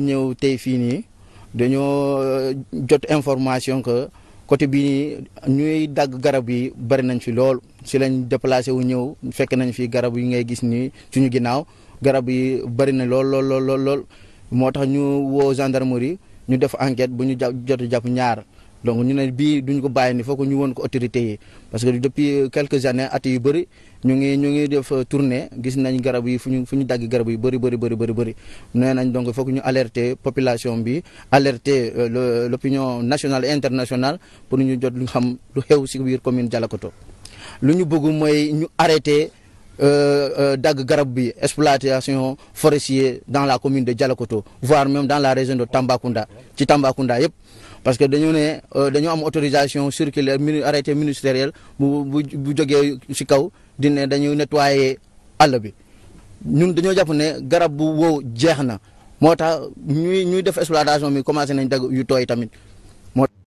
ñu ñëw tey fii nii dañoo euh, jot information que côté bi ñuy dagg garab yi bari nañ fi lool si lañ déplacé wu ñëw fekk nañ fi garab yi ngay gis nii suñu ginnaaw garab yi bari na lool lool lool moo tax ñu woo gendarmerie ñu def enquête bu ñu jot jàpp ñaar. donc ñu ne bii duñ ko bàyyi ni foog ñu woon ko autorité yi parce que depuis quelques années at yu bëri ñu ngi ñu ngi def euh, tournée gis nañ garab yi fu ñu fu ñu dagg garab yi bëri bëri bëri bëri bëri nee nañ donc foog ñu alerter population bi alerter euh, l' opinion nationale et internationale pour ñu jot lu xam lu xew si biir commune Dialakoto lu ñu bëgg mooy ñu arrêter Euh, euh, dagg garab bi exploitation forestier dans la commune de Dialokoto voir même dans la région de Tambacounda ci Tambacounda yëpp parce que dañoo ne euh, dañoo am autorisation circulaire mini arrêté ministériel bu bu bu jógee si kaw di dañuy nettoyer àll bi ñun dañoo jàpp ne garab bu wow jeex na moo tax ñuy ñuy def exploitation bi commencé nañ dagg yu tooy tamit.